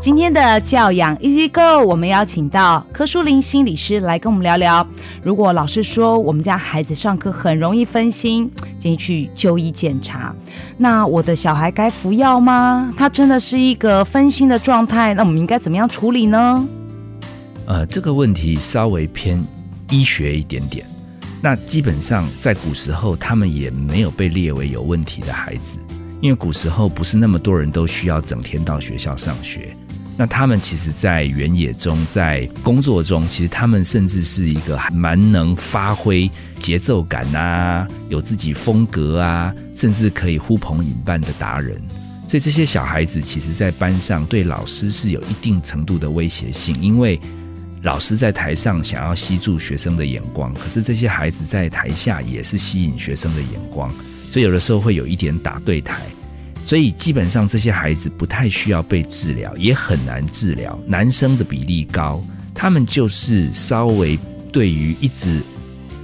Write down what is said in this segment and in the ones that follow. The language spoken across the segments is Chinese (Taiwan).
今天的教養 Easy Go，我們邀請到柯書林心理師來跟我們聊聊。如果老師說我們家孩子上課很容易分心，建議去就醫檢查，那我的小孩該服藥嗎？他真的是一個分心的狀態，那我們應該怎麼樣處理呢？呃，這個問題稍微偏醫學一點點。那基本上在古時候，他們也沒有被列為有問題的孩子，因為古時候不是那麼多人都需要整天到學校上學。那他們其實，在原野中，在工作中，其實他們甚至是一個蠻能發揮節奏感吶、啊，有自己風格啊，甚至可以呼朋引伴的達人。所以這些小孩子其實，在班上對老師是有一定程度的威脅性，因為老師在台上想要吸住學生的眼光，可是這些孩子在台下也是吸引學生的眼光，所以有的時候會有一點打對台。所以，基本上這些孩子不太需要被治療，也很難治療。男生的比例高，他們就是稍微對於一直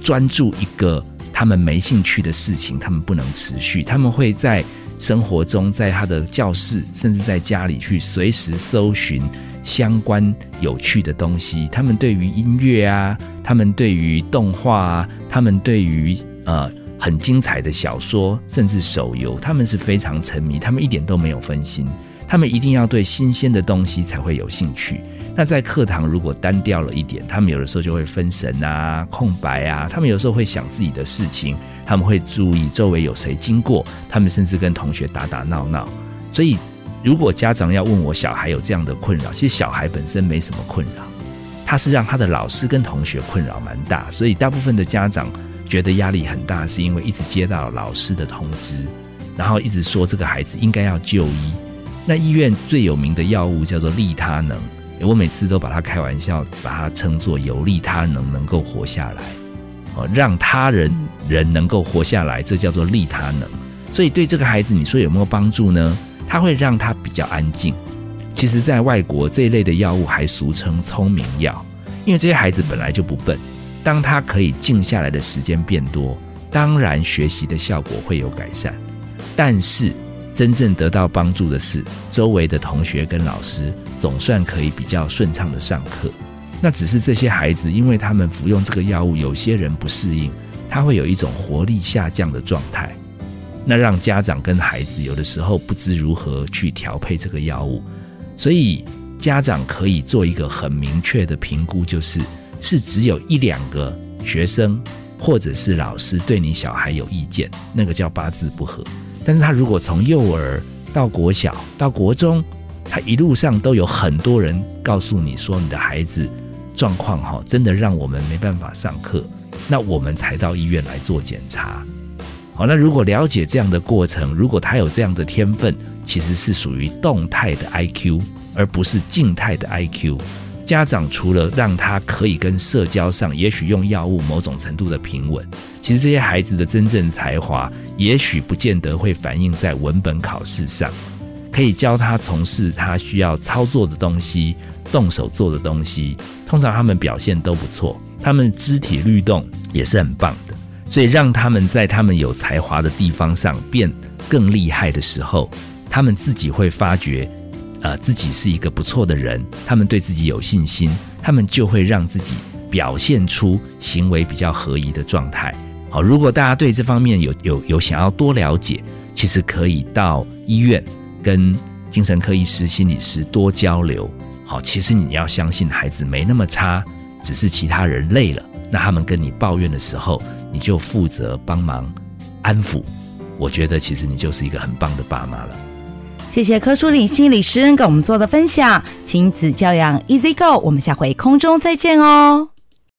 專注一個他們沒興趣的事情，他們不能持續。他們會在生活中，在他的教室，甚至在家裡去隨時搜尋相關有趣的東西。他們對於音樂啊，他們對於動畫啊，他們對於，呃。很精彩的小說，甚至手遊，他們是非常沉迷，他們一點都沒有分心，他們一定要對新鮮的東西才會有興趣。那在課堂如果單調了一點，他們有的時候就會分神啊、空白啊，他們有時候會想自己的事情，他們會注意周圍有誰經過，他們甚至跟同學打打鬧鬧。所以，如果家長要問我小孩有這樣的困擾，其實小孩本身沒什麼困擾，他是讓他的老師跟同學困擾蠻大，所以大部分的家長。覺得壓力很大，是因為一直接到老師的通知，然後一直說這個孩子應該要就醫。那醫院最有名的藥物叫做利他能，我每次都把它開玩笑，把它稱作有利他能能夠活下來，哦，讓他人人能夠活下來，這叫做利他能。所以對這個孩子，你說有沒有幫助呢？他會讓他比較安靜。其實，在外國這一類的藥物還俗稱聰明藥，因為這些孩子本來就不笨。當他可以靜下來的時間變多，當然學習的效果會有改善。但是真正得到幫助的是周圍的同學跟老師，總算可以比較順暢的上課。那只是這些孩子，因為他們服用這個藥物，有些人不適應，他會有一種活力下降的狀態。那讓家長跟孩子有的時候不知如何去調配這個藥物。所以家長可以做一個很明確的評估，就是，是只有一兩個學生，或者是老師對你小孩有意見，那個叫八字不合。但是他如果從幼兒到國小到國中，他一路上都有很多人告訴你說，你的孩子狀況哈、哦，真的讓我們沒辦法上課，那我們才到醫院來做檢查。好，那如果了解這樣的過程，如果他有這樣的天分，其實是屬於動態的 IQ，而不是靜態的 IQ。家長除了讓他可以跟社交上，也許用藥物某種程度的平穩，其實這些孩子的真正才華，也許不見得會反映在文本考試上。可以教他從事他需要操作的東西，動手做的東西，通常他們表現都不錯，他們肢體律動也是很棒的。所以讓他們在他們有才華的地方上變更厲害的時候，他們自己會發覺呃，自己是一個不錯的人，他們對自己有信心，他們就會讓自己表現出行為比較合宜的狀態。好，如果大家對這方面有有有想要多了解，其實可以到醫院跟精神科醫師、心理師多交流。好，其實你要相信孩子沒那麼差，只是其他人累了，那他們跟你抱怨的時候，你就負責幫忙安撫。我覺得其實你就是一個很棒的爸媽了。謝謝柯書林心理師給我們做的分享，親子教養 Easy Go，我們下回空中再見哦。